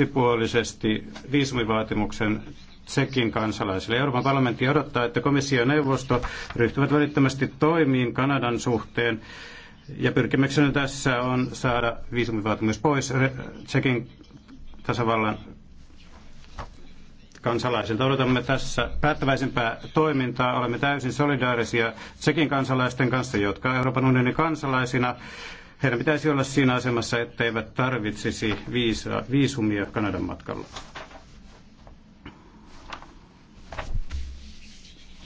yksipuolisesti viisumivaatimuksen Tsekin kansalaisille. Euroopan parlamentti odottaa, että komissio ja neuvosto ryhtyvät välittömästi toimiin Kanadan suhteen. Ja pyrkimyksenä tässä on saada viisumivaatimus pois Tsekin tasavallan kansalaisilta. Odotamme tässä päättäväisempää toimintaa. Olemme täysin solidaarisia Tsekin kansalaisten kanssa, jotka Euroopan unionin kansalaisina heidän pitäisi olla siinä asemassa, etteivät tarvitsisi viisa, viisumia Kanadan matkalla.